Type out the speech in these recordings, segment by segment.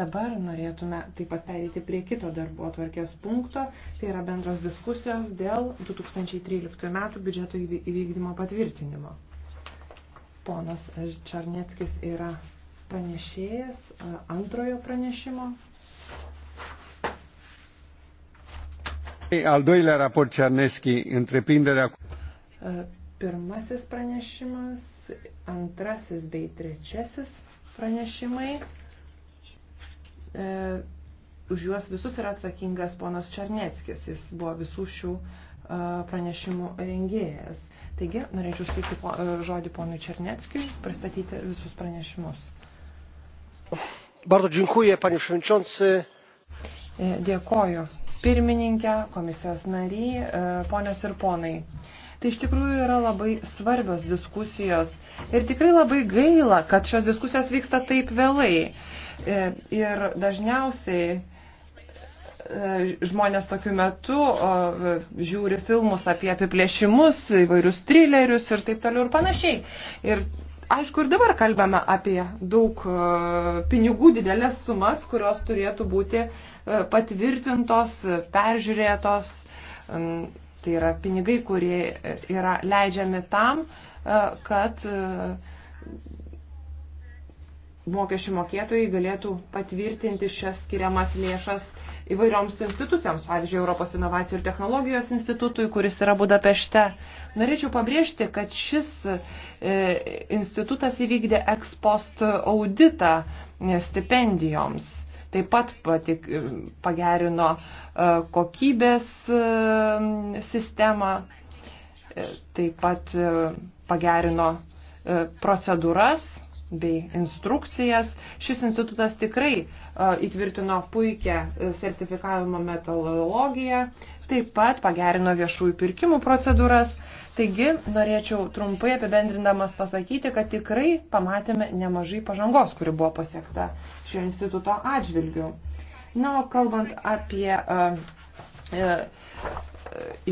Dabar norėtume taip pat pereiti prie kito darbo atvarkės punkto, tai yra bendros diskusijos dėl 2013 metų biudžeto įvykdymo patvirtinimo. Ponas Čarnieckis yra pranešėjas antrojo pranešimo. E al doilea raport Cerneschi, întreprinderea... Pirmasis pranešimas, antrasis bei trečiasis pranešimai e, už juos visus yra atsakingas ponas Černieckis, jis buvo visų šių e, pranešimų rengėjas. Taigi, norėčiau suteikti po, e, žodį ponui Černieckiui, pristatyti visus pranešimus. Bardzo dziękuję, panie przewodniczący. E, dėkoju. Pirmininkė, komisijos nariai, e, ponios ir ponai. Tai iš tikrųjų yra labai svarbios diskusijos ir tikrai labai gaila, kad šios diskusijos vyksta taip vėlai. E, ir dažniausiai e, žmonės tokiu metu e, žiūri filmus apie apiplėšimus, įvairius trilerius ir taip toliau ir panašiai. Ir aišku, ir dabar kalbame apie daug pinigų, didelės sumas, kurios turėtų būti patvirtintos, peržiūrėtos. Tai yra pinigai, kurie yra leidžiami tam, kad mokesčių mokėtojai galėtų patvirtinti šias skiriamas lėšas įvairioms institucijoms, pavyzdžiui, Europos inovacijų ir technologijos institutui, kuris yra Budapešte. Norėčiau pabrėžti, kad šis e, institutas įvykdė ekspost auditą e, stipendijoms. Taip pat patik, pagerino e, kokybės e, sistemą, e, taip pat e, pagerino e, procedūras bei instrukcijas. Šis institutas tikrai e, įtvirtino puikią e, sertifikavimo metodologiją, taip pat pagerino viešųjų pirkimų procedūras. Taigi, norėčiau trumpai apibendrindamas pasakyti, kad tikrai pamatėme nemažai pažangos, kuri buvo pasiekta šio instituto atžvilgiu. Na, o kalbant apie uh, uh,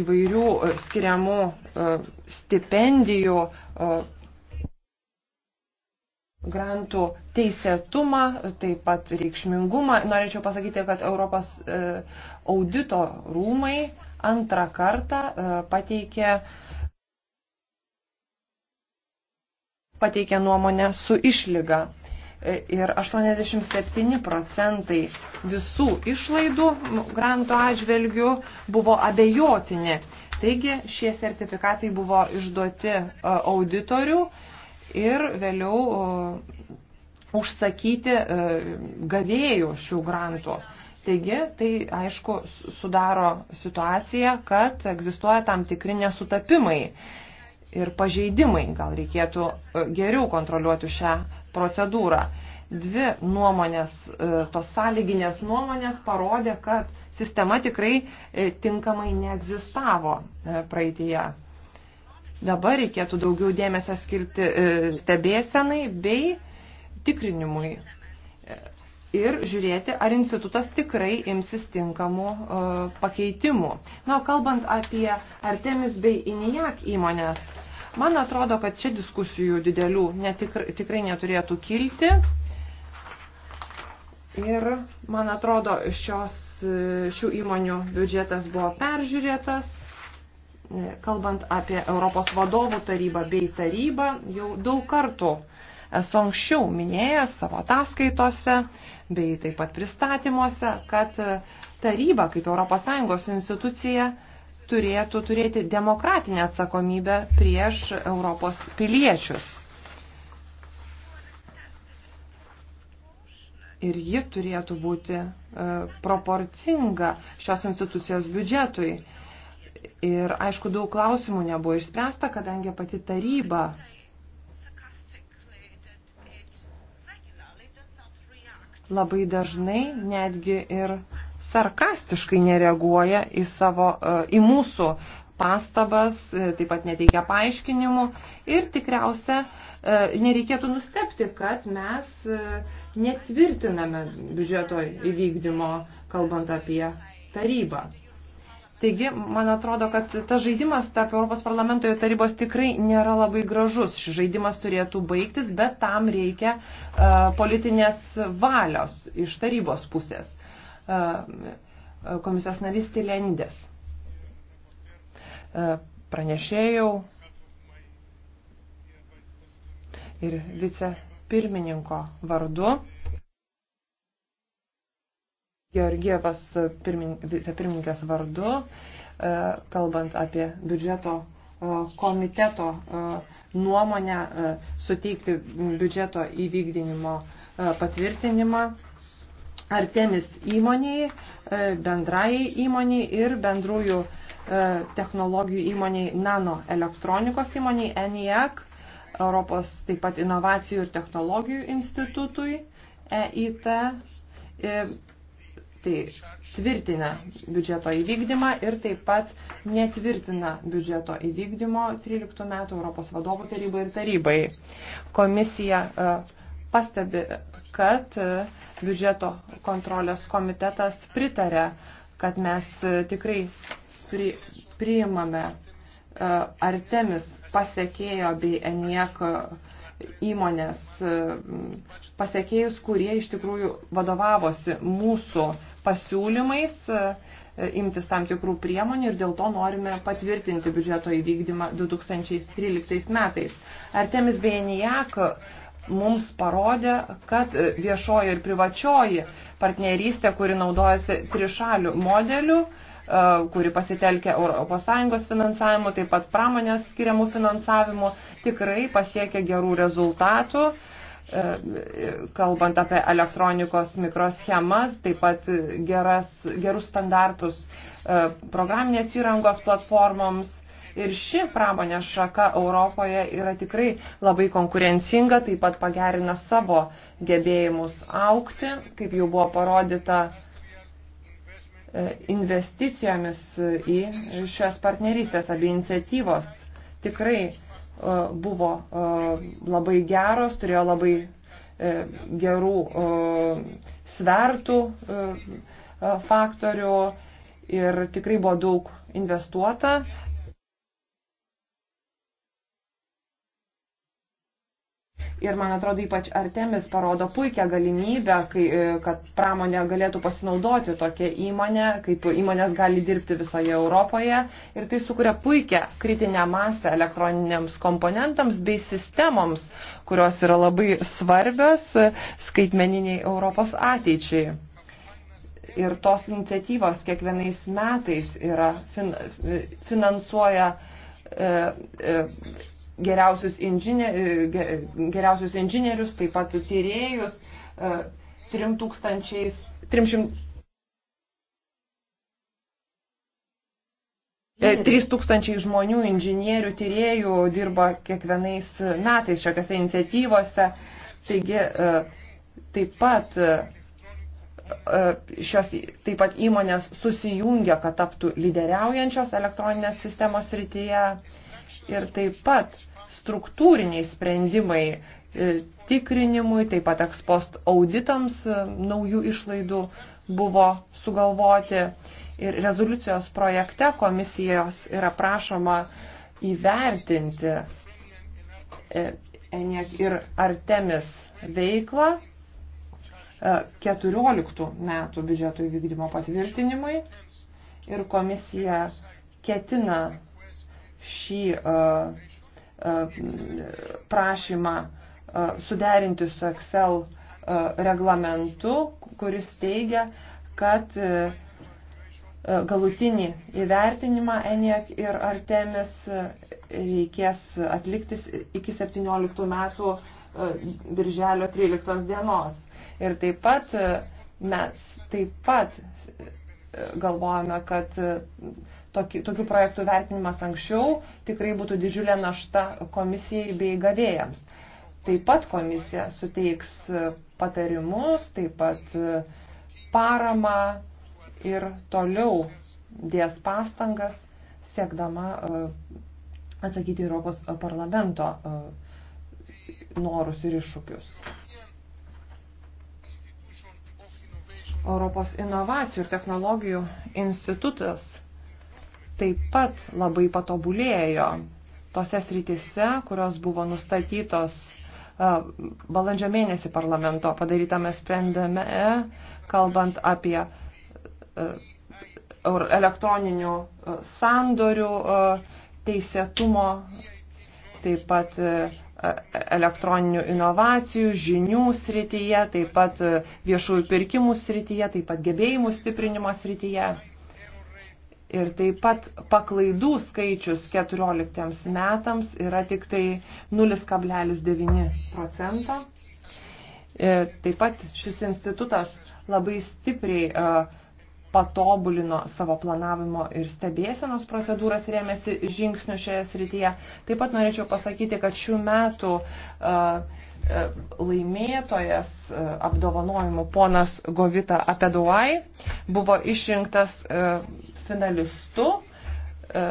įvairių skiriamų stipendijų grantų teisėtumą, taip pat reikšmingumą. Norėčiau pasakyti, kad Europos e, audito rūmai antrą kartą e, pateikė, pateikė nuomonę su išlyga. E, ir 87 procentai visų išlaidų grantų atžvelgių buvo abejotini. Taigi šie sertifikatai buvo išduoti auditorių ir vėliau užsakyti e, gavėjų šių grantų. Taigi, tai aišku sudaro situaciją, kad egzistuoja tam tikri nesutapimai ir pažeidimai. Gal reikėtų e, geriau kontroliuoti šią procedūrą. Dvi nuomonės, e, tos sąlyginės nuomonės parodė, kad sistema tikrai tinkamai neegzistavo praeitėje. Dabar reikėtų daugiau dėmesio skirti e, stebėsenai bei tikrinimui e, ir žiūrėti, ar institutas tikrai imsis tinkamų e, pakeitimų. Na, kalbant apie Artemis bei Inijak įmonės, man atrodo, kad čia diskusijų didelių netikr, tikrai neturėtų kilti. Ir, man atrodo, šios, šių įmonių biudžetas buvo peržiūrėtas E, kalbant apie Europos vadovų tarybą bei tarybą, jau daug kartų esu anksčiau minėjęs savo ataskaitose bei taip pat pristatymuose, kad taryba kaip ES institucija turėtų turėti demokratinę atsakomybę prieš Europos piliečius. ir ji turėtų būti e, proporcinga šios institucijos biudžetui. Ir aišku, daug klausimų nebuvo išspręsta, kadangi pati taryba labai dažnai netgi ir sarkastiškai nereaguoja į, savo, e, į mūsų pastabas, e, taip pat neteikia paaiškinimų ir tikriausia e, nereikėtų nustepti, kad mes netvirtiname biudžeto įvykdymo, kalbant apie tarybą. Taigi, man atrodo, kad tas žaidimas tarp Europos parlamento ir tarybos tikrai nėra labai gražus. Šis žaidimas turėtų baigtis, bet tam reikia uh, politinės valios iš tarybos pusės. Uh, komisijos narys Tilendės. Uh, pranešėjau ir vicepirmininko vardu. Georgievas vicepirmininkės vardu, e, kalbant apie biudžeto e, komiteto e, nuomonę suteikti biudžeto įvykdinimo patvirtinimą Artemis įmoniai, bendrai įmoniai ir bendrųjų technologijų įmoniai nano elektronikos įmoniai ENIAC, Europos taip pat inovacijų ir technologijų institutui EIT Tai tvirtina biudžeto įvykdymą ir taip pat netvirtina biudžeto įvykdymo 13 metų Europos vadovų tarybai ir tarybai. Komisija e, pastebi, kad e, biudžeto kontrolės komitetas pritarė, kad mes e, tikrai pri, priimame Artemis pasiekėjo bei ENIAK įmonės pasiekėjus, kurie iš tikrųjų vadovavosi mūsų uh, pasiūlymais e, imtis tam tikrų priemonių ir dėl to norime patvirtinti biudžeto įvykdymą 2013 metais. Artemis Bienijak mums parodė, kad viešoji ir privačioji partnerystė, kuri naudojasi trišalių modelių, e, kuri pasitelkia ES finansavimu, taip pat pramonės skiriamų finansavimu, tikrai pasiekia gerų rezultatų. Uh, kalbant apie elektronikos mikroschemas, taip pat geras, gerus standartus e, programinės įrangos platformoms. Ir ši pramonės šaka Europoje yra tikrai labai konkurencinga, taip pat pagerina savo gebėjimus aukti, kaip jau buvo parodyta e, investicijomis į šias partnerystės abi iniciatyvos. Tikrai E, buvo e, labai geros, turėjo labai e, gerų svertų faktorių ir tikrai buvo daug investuota. Ir man atrodo, ypač Artemis parodo puikią galimybę, kai, e, kad pramonė galėtų pasinaudoti tokią įmonę, kaip įmonės gali dirbti visoje Europoje. Ir tai sukuria puikią kritinę masę elektroniniams komponentams bei sistemoms, kurios yra labai svarbios e, skaitmeniniai Europos ateičiai. Ir tos iniciatyvos kiekvienais metais yra fin, e, finansuoja. E, e, geriausius, inžinier, geriausius inžinierius, taip pat tyrėjus, 3000, 300, 3000 žmonių, inžinierių, tyrėjų dirba kiekvienais metais šiokiose iniciatyvose. Taigi e, taip pat e, e, šios taip pat įmonės susijungia, kad taptų lyderiaujančios elektroninės sistemos rytyje ir taip pat struktūriniai sprendimai e, tikrinimui, taip pat ekspost auditams e, naujų išlaidų buvo sugalvoti. Ir rezoliucijos projekte komisijos yra prašoma įvertinti e, ENIAC ir Artemis veiklą 14 metų biudžeto įvykdymo patvirtinimui. Ir komisija ketina šį uh, E, prašymą e, suderinti su Excel e, reglamentu, kuris teigia, kad galutinį įvertinimą ENIAC ir Artemis reikės atlikti iki 17 metų birželio 13 dienos. Ir taip pat mes taip pat galvojame, kad toki, tokių projektų vertinimas anksčiau tikrai būtų didžiulė našta komisijai bei gavėjams. Taip pat komisija suteiks patarimus, taip pat e, paramą ir toliau dės pastangas siekdama e, atsakyti Europos parlamento e, norus ir iššūkius. Europos inovacijų ir technologijų institutas taip pat labai patobulėjo tose sritise, kurios buvo nustatytos e, balandžio mėnesį parlamento padarytame sprendime, kalbant apie e, elektroninių e, sandorių teisėtumo, taip pat elektroninių inovacijų, žinių srityje, taip pat viešųjų pirkimų srityje, taip pat gebėjimų stiprinimo srityje. Ir taip pat paklaidų skaičius 14 metams yra tik tai 0,9 procentą. E, taip pat šis institutas labai stipriai e, patobulino savo planavimo ir stebėsenos procedūras rėmėsi žingsnių šioje srityje. Taip pat norėčiau pasakyti, kad šių metų e, laimėtojas e, apdovanojimų ponas Govita Apeduai buvo išrinktas e, finalistu e,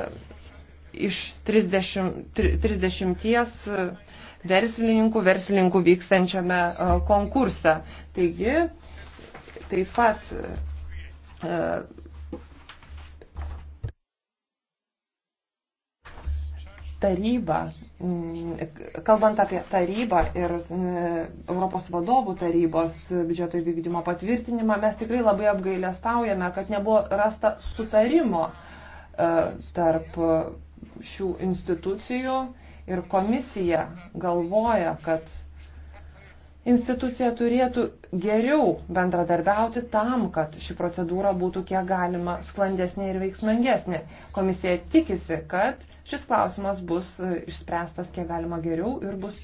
iš 30, 30 verslininkų, verslininkų vykstančiame konkurse. Taigi, taip pat tarybą, mm, kalbant apie tarybą ir mm, Europos vadovų tarybos biudžeto įvykdymo patvirtinimą, mes tikrai labai apgailestaujame, kad nebuvo rasta sutarimo e, tarp šių institucijų ir komisija galvoja, kad institucija turėtų geriau bendradarbiauti tam, kad ši procedūra būtų kiek galima sklandesnė ir veiksmangesnė. Komisija tikisi, kad Šis klausimas bus e, išspręstas kiek galima geriau ir bus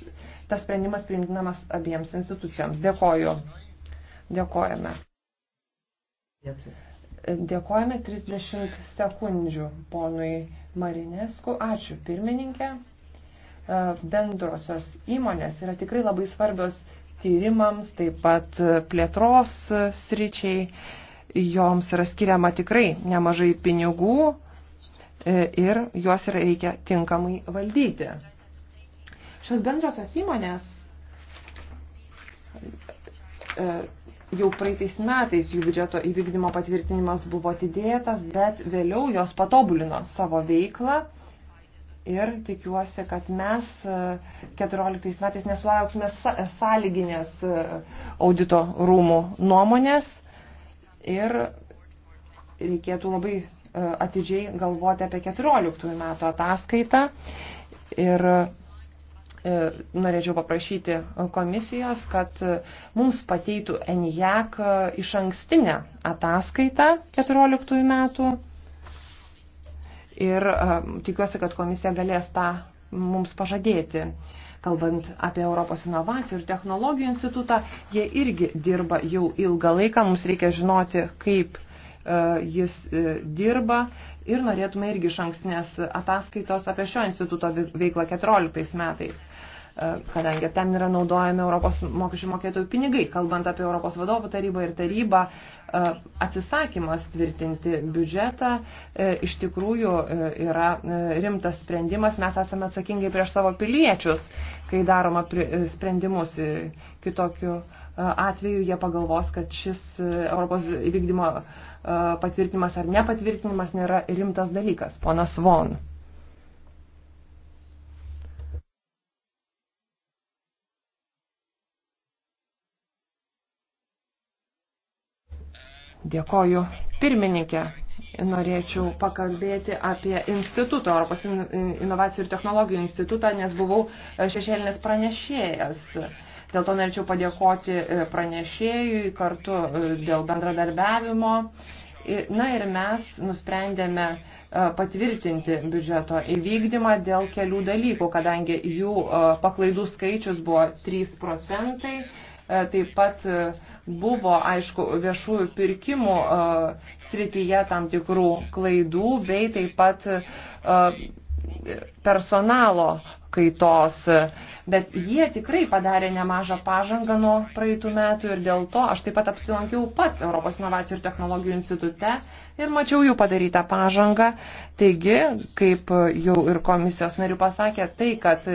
tas sprendimas priimtinamas abiems institucijoms. Dėkoju. Dėkojame. E, dėkojame 30 sekundžių ponui Marinesku. Ačiū pirmininkė. E, bendrosios įmonės yra tikrai labai svarbios tyrimams, taip pat plėtros sričiai. Joms yra skiriama tikrai nemažai pinigų E, ir juos reikia tinkamai valdyti. Šios bendrosios įmonės e, jau praeitais metais jų biudžeto įvykdymo patvirtinimas buvo atidėtas, bet vėliau jos patobulino savo veiklą ir tikiuosi, kad mes 14 e, metais nesulauksime sąlyginės audito rūmų nuomonės ir reikėtų labai atidžiai galvoti apie 14 metų ataskaitą ir e, norėčiau paprašyti komisijos, kad e, mums pateitų ENIAC e, iš ankstinę ataskaitą 14 metų ir tikiuosi, kad komisija galės tą mums pažadėti. Kalbant apie Europos inovacijų ir technologijų institutą, jie irgi dirba jau ilgą laiką, mums reikia žinoti, kaip uh, E, jis e, dirba ir norėtume irgi iš ankstinės ataskaitos apie šio instituto veiklą 14 metais e, kadangi ten yra naudojami Europos mokesčių mokėtojų pinigai, kalbant apie Europos vadovų tarybą ir tarybą, atsisakymas tvirtinti biudžetą iš tikrųjų yra rimtas sprendimas. Mes esame atsakingi prieš savo piliečius, kai daroma sprendimus kitokiu atveju jie pagalvos, kad šis e, Europos įvykdymo e, patvirtinimas ar nepatvirtinimas nėra rimtas dalykas. Ponas Von. Dėkoju. Pirmininkė, norėčiau pakalbėti apie institutą, Europos inovacijų ir technologijų institutą, nes buvau e, šešėlinis pranešėjas. Dėl to norėčiau padėkoti e, pranešėjui kartu e, dėl bendradarbiavimo. Na ir mes nusprendėme e, patvirtinti biudžeto įvykdymą dėl kelių dalykų, kadangi jų paklaidų skaičius buvo 3 procentai. Taip pat buvo, aišku, viešųjų pirkimų srityje tam tikrų klaidų, bei taip pat personalo kaitos, bet jie tikrai padarė nemažą pažangą nuo praeitų metų ir dėl to aš taip pat apsilankiau pats Europos inovacijų ir technologijų institute ir mačiau jų padarytą pažangą. Taigi, kaip jau ir komisijos narių pasakė, tai, kad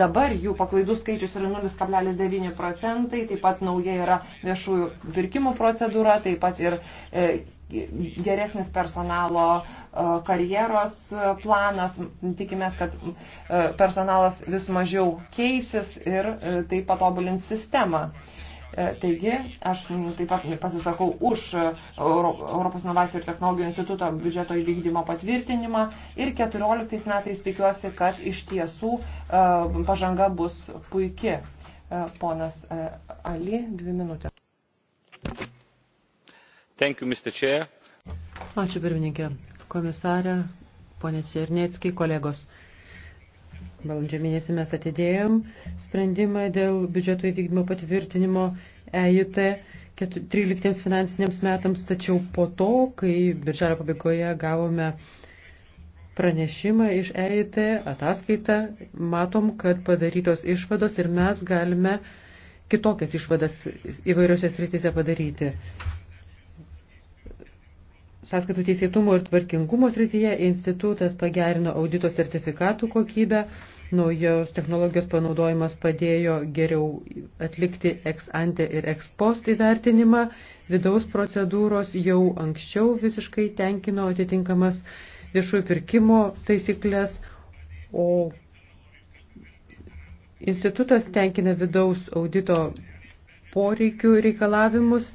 dabar jų paklaidų skaičius yra 0,9 procentai, taip pat nauja yra viešųjų pirkimų procedūra, taip pat ir e, geresnis personalo e, karjeros planas, tikimės, kad e, personalas vis mažiau keisis ir e, tai patobulins sistemą. Taigi, aš taip pat pasisakau už Europos inovacijų ir technologijų instituto biudžeto įvykdymo patvirtinimą ir 14 metais tikiuosi, kad iš tiesų pažanga bus puiki. Ponas Ali, dvi minutės. Thank you, Mr. Chair. Ačiū pirmininkė. Komisarė, ponė Černiecki, kolegos. Balandžio mėnesį mes atidėjom sprendimą dėl biudžeto įvykdymo patvirtinimo EIT 13 finansiniams metams, tačiau po to, kai birželio pabaigoje gavome pranešimą iš EIT, ataskaitą, matom, kad padarytos išvados ir mes galime kitokias išvadas įvairiose srityse padaryti sąskaitų teisėtumo ir tvarkingumo srityje institutas pagerino audito sertifikatų kokybę, naujos technologijos panaudojimas padėjo geriau atlikti ex ante ir ex post įvertinimą, vidaus procedūros jau anksčiau visiškai tenkino atitinkamas viešųjų pirkimo taisyklės, o institutas tenkina vidaus audito poreikių reikalavimus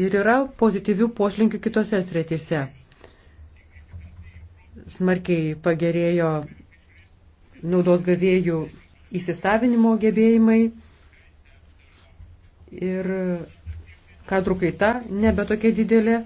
ir yra pozityvių poslinkių kitose srityse. Smarkiai pagerėjo naudos gavėjų įsisavinimo gebėjimai ir kadrų kaita nebe tokia didelė,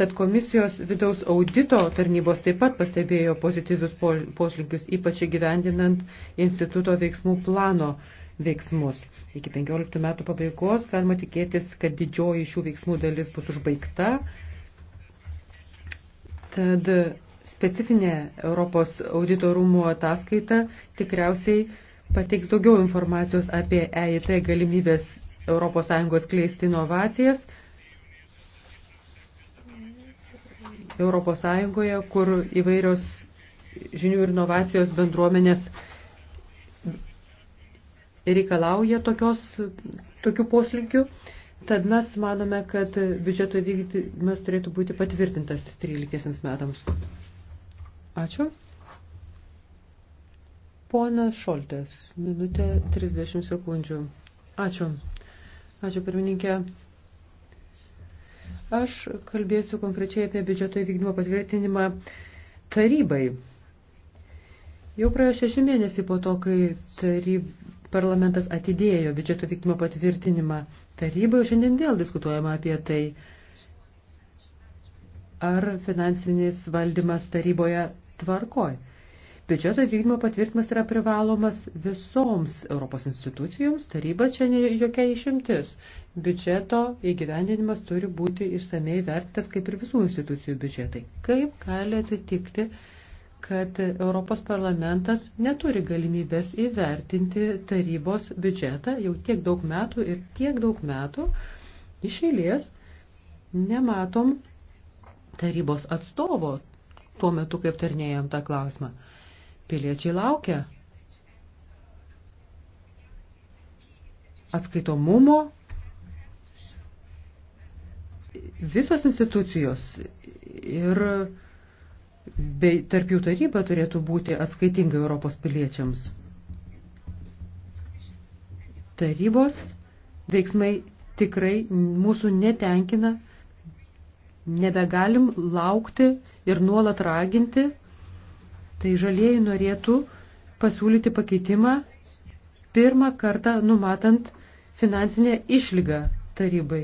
tad komisijos vidaus audito tarnybos taip pat pastebėjo pozityvius poslinkius, ypač įgyvendinant instituto veiksmų plano uh, veiksmus. Iki 15 metų pabaigos galima tikėtis, kad didžioji šių veiksmų dalis bus užbaigta. Tad specifinė Europos audito rūmų ataskaita tikriausiai pateiks daugiau informacijos apie EIT galimybės ES kleisti inovacijas ES, kur įvairios žinių ir inovacijos bendruomenės reikalauja tokios, tokių poslinkių, tad mes manome, kad biudžeto vykdymas turėtų būti patvirtintas 13 metams. Ačiū. Pona Šoltės, minutė 30 sekundžių. Ačiū. Ačiū, pirmininkė. Aš kalbėsiu konkrečiai apie biudžeto įvykdymo patvirtinimą tarybai. Jau praėjo šeši mėnesiai po to, kai taryb, parlamentas atidėjo biudžeto vykdymo patvirtinimą taryboje, šiandien vėl diskutuojama apie tai, ar finansinis valdymas taryboje tvarkoj. Biudžeto vykdymo patvirtinimas yra privalomas visoms Europos institucijoms, taryba čia ne jokia išimtis. Biudžeto įgyvendinimas turi būti išsamei vertintas kaip ir visų institucijų biudžetai. Kaip gali atsitikti, kad Europos parlamentas neturi galimybės įvertinti tarybos biudžetą jau tiek daug metų ir tiek daug metų iš eilės nematom tarybos atstovo tuo metu, kaip tarnėjom tą klausimą. Piliečiai laukia atskaitomumo visos institucijos ir bei tarp jų taryba turėtų būti atskaitinga Europos piliečiams. Tarybos veiksmai tikrai mūsų netenkina, nebegalim laukti ir nuolat raginti, tai žalieji norėtų pasiūlyti pakeitimą pirmą kartą numatant finansinę išlygą tarybai,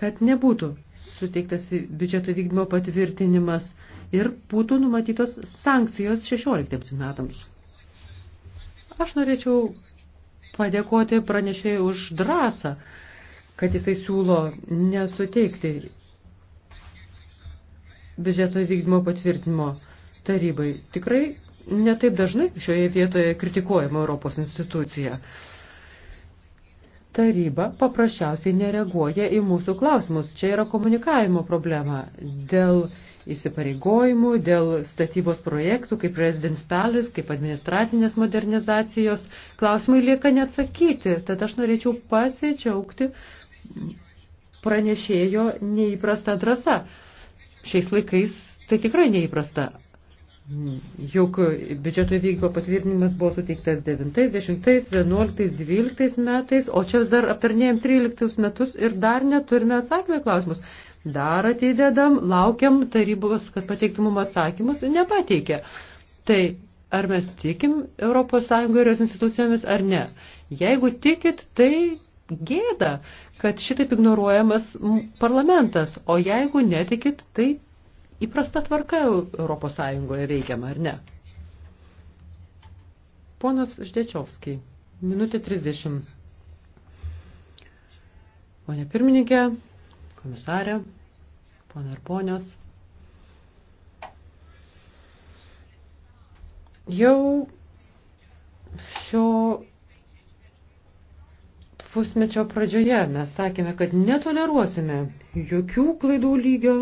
kad nebūtų suteiktas biudžeto vykdymo patvirtinimas ir būtų numatytos sankcijos 16 metams. Aš norėčiau padėkoti pranešėjai už drąsą, kad jisai siūlo nesuteikti biudžeto vykdymo patvirtinimo tarybai. Tikrai netaip dažnai šioje vietoje kritikuojama Europos institucija taryba paprasčiausiai nereaguoja į mūsų klausimus. Čia yra komunikavimo problema dėl įsipareigojimų, dėl statybos projektų, kaip Residence Palace, kaip administracinės modernizacijos. Klausimai lieka neatsakyti, tad aš norėčiau pasičiaugti pranešėjo neįprasta drąsa. Šiais laikais tai tikrai neįprasta. Juk biudžeto įvykdymo patvirtinimas buvo suteiktas 9, 10, 11, 12 metais, o čia dar aptarnėjom 13 metus ir dar neturime atsakymų į klausimus. Dar atidedam, laukiam tarybos, kad pateiktų mums atsakymus, nepateikė. Tai ar mes tikim ES ir jos institucijomis ar ne? Jeigu tikit, tai gėda, kad šitaip ignoruojamas parlamentas, o jeigu netikit, tai įprasta tvarka Europos Sąjungoje veikiama, ar ne? Ponas Ždečiovskiai, minutė 30. Pone pirmininkė, komisarė, pone ir ponios. Jau šio pusmečio pradžioje mes sakėme, kad netoleruosime jokių klaidų lygio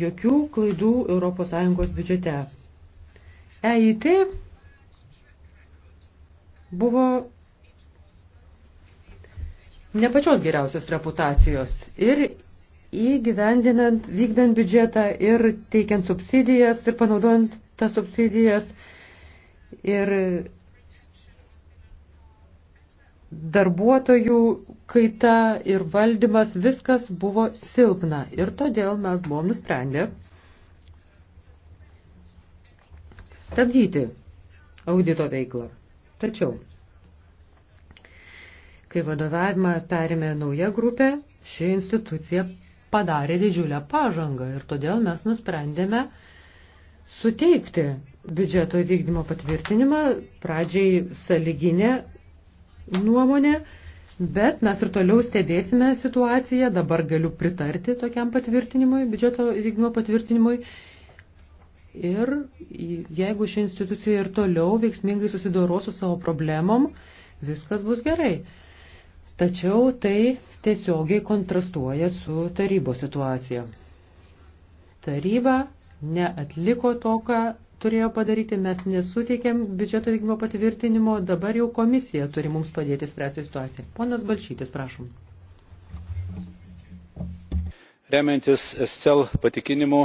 jokių klaidų ES biudžete. EIT buvo ne pačios geriausios reputacijos ir įgyvendinant, vykdant biudžetą ir teikiant subsidijas ir panaudojant tas subsidijas ir darbuotojų kaita ir valdymas, viskas buvo silpna. Ir todėl mes buvom nusprendę stabdyti audito veiklą. Tačiau, kai vadovavimą perėmė nauja grupė, ši institucija padarė didžiulę pažangą ir todėl mes nusprendėme suteikti biudžeto įvykdymo patvirtinimą pradžiai saliginę nuomonė, bet mes ir toliau stebėsime situaciją, dabar galiu pritarti tokiam patvirtinimui, biudžeto vykdymo patvirtinimui. Ir jeigu ši institucija ir toliau veiksmingai susidoros su savo problemom, viskas bus gerai. Tačiau tai tiesiogiai kontrastuoja su tarybos situacija. Taryba neatliko to, ką turėjo padaryti, mes nesuteikėm biudžeto vykdymo patvirtinimo, dabar jau komisija turi mums padėti spręsti situaciją. Ponas Balčytis, prašom. Remiantis SCL patikinimu,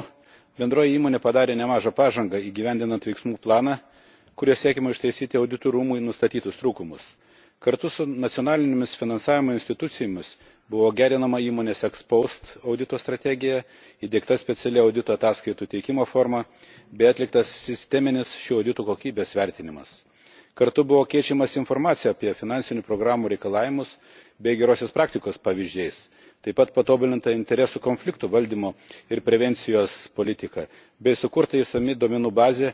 bendroji įmonė padarė nemažą pažangą įgyvendinant veiksmų planą, kurio siekima ištaisyti auditų rūmui nustatytus trūkumus kartu su nacionalinėmis finansavimo institucijomis buvo gerinama įmonės ex post audito strategija įdiegta speciali audito ataskaitų teikimo forma bei atliktas sisteminis šių auditų kokybės vertinimas. kartu buvo keičiamasi informacija apie finansinių programų reikalavimus bei gerosios praktikos pavyzdžiais taip pat patobulinta interesų konfliktų valdymo ir prevencijos politika bei sukurta išsami duomenų bazė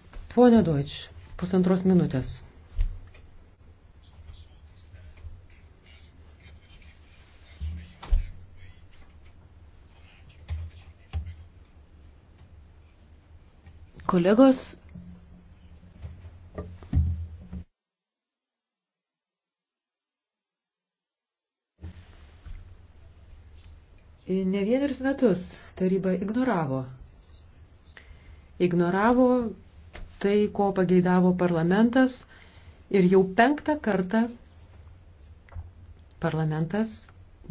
Pone Deutsch, pusantros minutės. Kolegos, ne vienerius metus taryba ignoravo. Ignoravo tai, ko pageidavo parlamentas. Ir jau penktą kartą parlamentas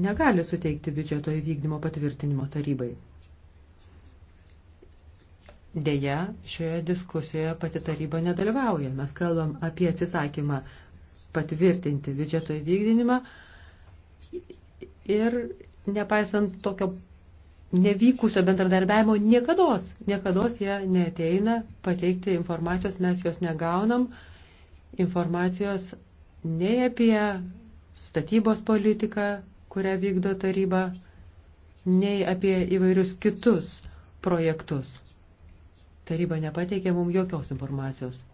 negali suteikti biudžeto įvykdymo patvirtinimo tarybai. Deja, šioje diskusijoje pati taryba nedalyvauja. Mes kalbam apie atsisakymą patvirtinti biudžeto įvykdinimą ir nepaisant tokio nevykusio bendradarbiavimo niekados. Niekados jie neteina pateikti informacijos, mes jos negaunam. Informacijos nei apie statybos politiką, kurią vykdo taryba, nei apie įvairius kitus projektus. Taryba nepateikė mums jokios informacijos.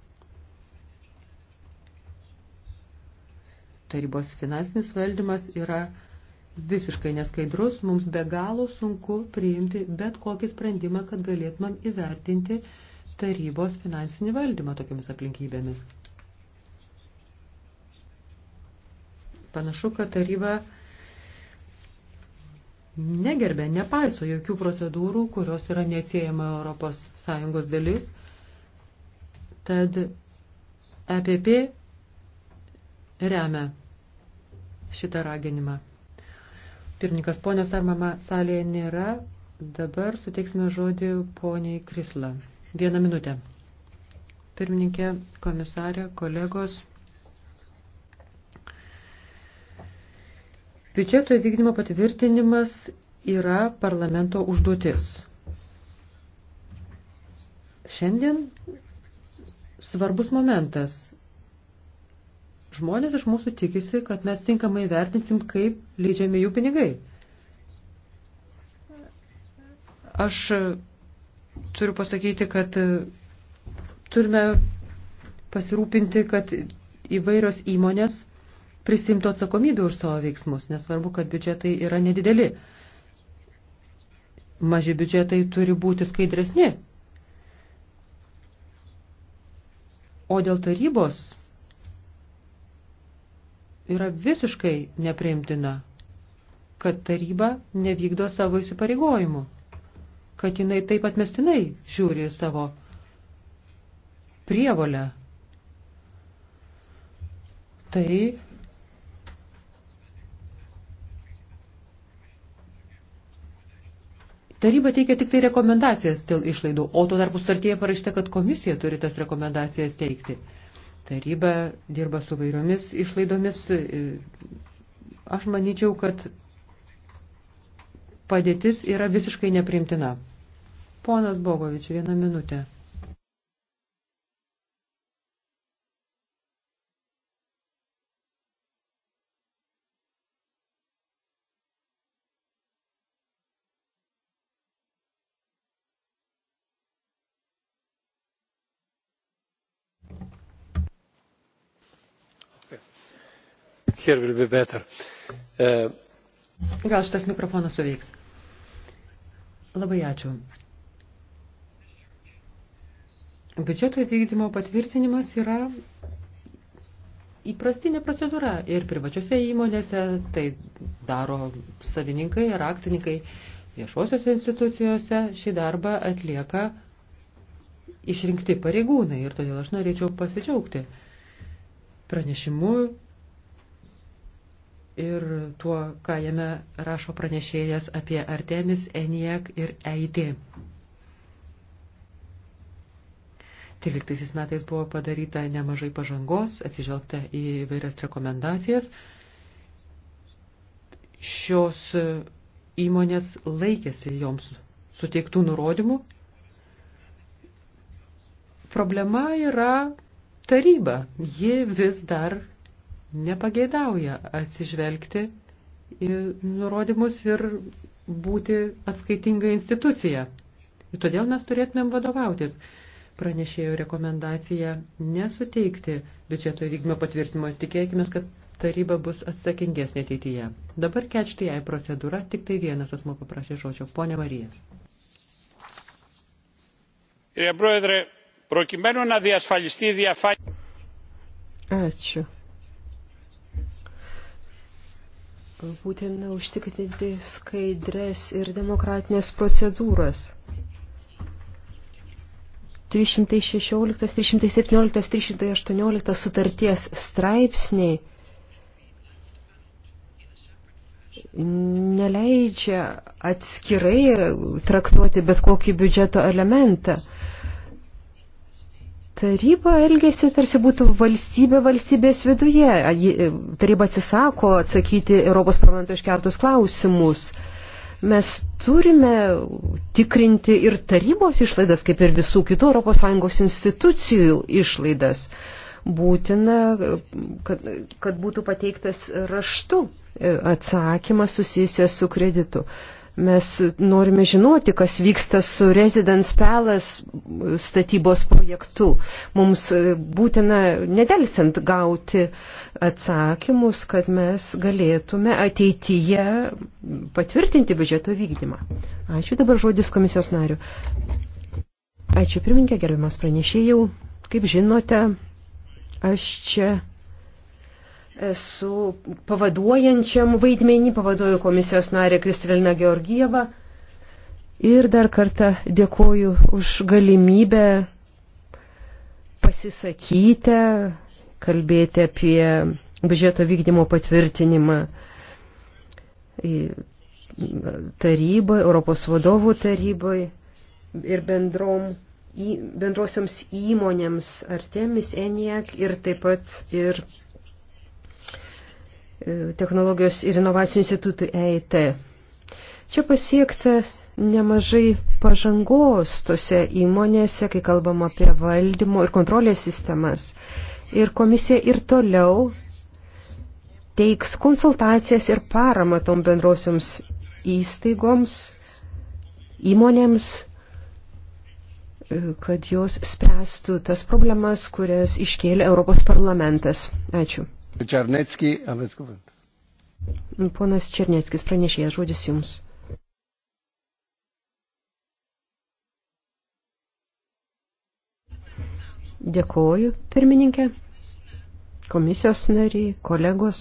Tarybos finansinis valdymas yra visiškai neskaidrus, mums be galo sunku priimti bet kokį sprendimą, kad galėtumėm įvertinti tarybos finansinį valdymą tokiamis aplinkybėmis. Panašu, kad taryba negerbė, nepaiso jokių procedūrų, kurios yra neatsiejama Europos Sąjungos dalis. Tad EPP remia šitą raginimą. Pirmininkas ponios ar mama salėje nėra. Dabar suteiksime žodį poniai Krisla. Vieną minutę. Pirmininkė, komisarė, kolegos. Biudžeto įvykdymo patvirtinimas yra parlamento užduotis. Šiandien svarbus momentas Žmonės iš mūsų tikisi, kad mes tinkamai vertinsim, kaip leidžiami jų pinigai. Aš e, turiu pasakyti, kad e, turime pasirūpinti, kad įvairios įmonės prisimtų atsakomybę už savo veiksmus, nesvarbu, kad biudžetai yra nedideli. Maži biudžetai turi būti skaidresni. O dėl tarybos yra visiškai nepriimtina, kad taryba nevykdo savo įsipareigojimų, kad jinai taip atmestinai žiūri savo prievolę. Tai Taryba teikia tik tai rekomendacijas dėl išlaidų, o tuo tarpu startyje parašyta, kad komisija turi tas rekomendacijas teikti. Taryba dirba su vairiomis išlaidomis. Aš manyčiau, kad padėtis yra visiškai neprimtina. Ponas Bogovič, vieną minutę. Here will be better. Uh... Gal šitas mikrofonas suveiks. Labai ačiū. Biudžeto įvykdymo patvirtinimas yra įprastinė procedūra ir privačiose įmonėse tai daro savininkai ir akcininkai. Viešosiose institucijose šį darbą atlieka išrinkti pareigūnai ir todėl aš norėčiau pasidžiaugti pranešimu ir tuo, ką jame rašo pranešėjas apie Artemis, ENIAC ir EIT. 13 metais buvo padaryta nemažai pažangos, atsižvelgta į vairias rekomendacijas. Šios įmonės laikėsi joms suteiktų nurodymų. Problema yra taryba. Ji vis dar nepageidauja atsižvelgti į nurodymus ir būti atskaitinga institucija. Ir todėl mes turėtumėm vadovautis pranešėjo rekomendacija nesuteikti biudžeto įvykdymo patvirtinimo. Tikėkime, kad taryba bus atsakingesnė ateityje. Dabar kečti jai procedūra, tik tai vienas asmo paprašė žodžio, ponė Marijas. Ačiū. būtina užtikrinti skaidres ir demokratinės procedūras. 316, 317, 318 sutarties straipsniai neleidžia atskirai traktuoti bet kokį biudžeto elementą. Taryba elgėsi tarsi būtų valstybė valstybės viduje. E, taryba atsisako atsakyti Europos parlamento iškeltus klausimus. Mes turime tikrinti ir tarybos išlaidas, kaip ir visų kitų ES institucijų išlaidas. Būtina, e, kad, kad būtų pateiktas raštu e, atsakymas susijęs su kreditu. Mes norime žinoti, kas vyksta su Residence Palace statybos projektu. Mums e, būtina nedelsiant gauti atsakymus, kad mes galėtume ateityje patvirtinti biudžeto vykdymą. Ačiū dabar žodis komisijos nariu. Ačiū pirminkė, gerbiamas pranešėjau. Kaip žinote, aš čia su pavaduojančiam vaidmenį, pavaduoju komisijos narė Kristelina Georgieva. Ir dar kartą dėkoju už galimybę pasisakyti, kalbėti apie biudžeto vykdymo patvirtinimą taryboje, Europos vadovų taryboje ir bendrom, bendrosioms įmonėms Artemis, Eniak ir taip pat ir technologijos ir inovacijų institutui EIT. Čia pasiekta nemažai pažangos tose įmonėse, kai kalbam apie valdymo ir kontrolės sistemas. Ir komisija ir toliau teiks konsultacijas ir paramą tom bendrosioms įstaigoms, įmonėms, e, kad jos spręstų tas problemas, kurias iškėlė Europos parlamentas. Ačiū. Černecki, aveți cuvânt. Ponas Černeckis, pranešėjas, žodis jums. Dėkoju, pirmininkė, komisijos nariai, kolegos.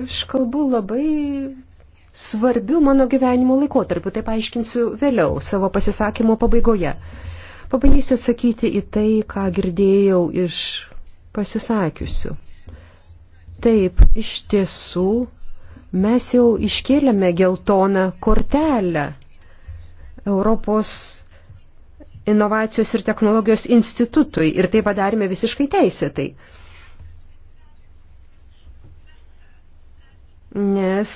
Aš kalbu labai svarbiu mano gyvenimo laikotarpiu, tai paaiškinsiu vėliau savo pasisakymo pabaigoje. Pabandysiu atsakyti į tai, ką girdėjau iš pasisakiusių. Taip, iš tiesų, mes jau iškėlėme geltoną kortelę Europos inovacijos ir technologijos institutui ir tai padarėme visiškai teisėtai. Nes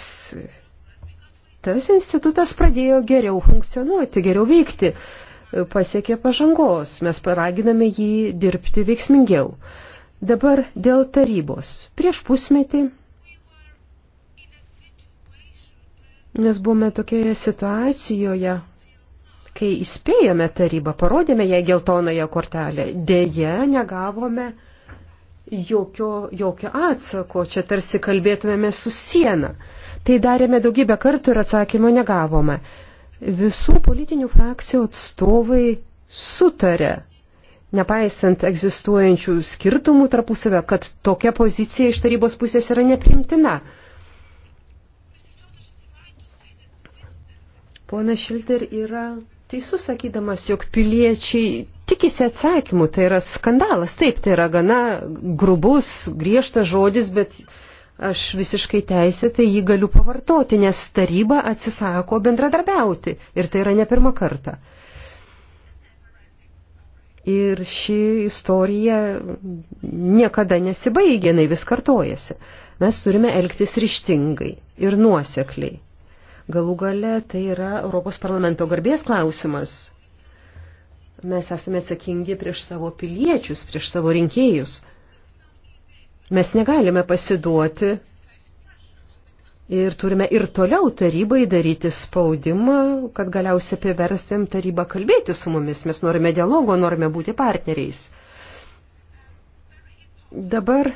tas institutas pradėjo geriau funkcionuoti, geriau veikti, pasiekė pažangos, mes paraginame jį dirbti veiksmingiau. Dabar dėl tarybos. Prieš pusmetį mes buvome tokioje situacijoje, kai įspėjome tarybą, parodėme jai geltonąją kortelę, dėje negavome jokio, jokio atsako, čia tarsi kalbėtumėme su siena. Tai darėme daugybę kartų ir atsakymo negavome. Visų politinių frakcijų atstovai sutarė, nepaisant egzistuojančių skirtumų tarpusavę, kad tokia pozicija iš tarybos pusės yra neprimtina. Pona Šilter yra teisus sakydamas, jog piliečiai tikisi atsakymų, tai yra skandalas, taip, tai yra gana grubus, griežtas žodis, bet Aš visiškai teisėtai jį galiu pavartoti, nes taryba atsisako bendradarbiauti ir tai yra ne pirmą kartą. Ir ši istorija niekada nesibaigia, jinai vis kartojasi. Mes turime elgtis ryštingai ir nuosekliai. Galų gale tai yra Europos parlamento garbės klausimas. Mes esame atsakingi prieš savo piliečius, prieš savo rinkėjus. Mes negalime pasiduoti ir turime ir toliau tarybai daryti spaudimą, kad galiausiai priverstėm tarybą kalbėti su mumis. Mes norime dialogo, norime būti partneriais. Dabar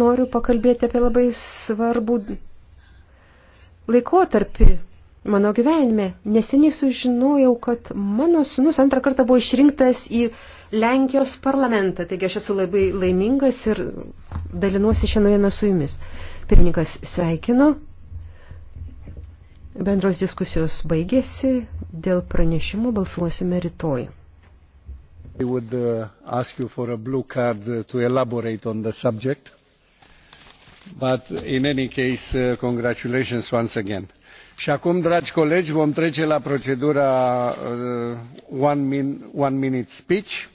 noriu pakalbėti apie labai svarbų laikotarpį mano gyvenime. Neseniai sužinojau, kad mano sunus antrą kartą buvo išrinktas į Lenkijos parlamentą. Taigi aš esu labai laimingas ir dalinuosi šią naujieną su jumis. Pirmininkas sveikino. Bendros diskusijos baigėsi. Dėl pranešimo balsuosime rytoj. I would uh, ask you for a blue card uh, to elaborate on the subject. But in any case, uh, congratulations once again. Și acum, dragi colegi, vom trece la procedura uh, one, min, one minute speech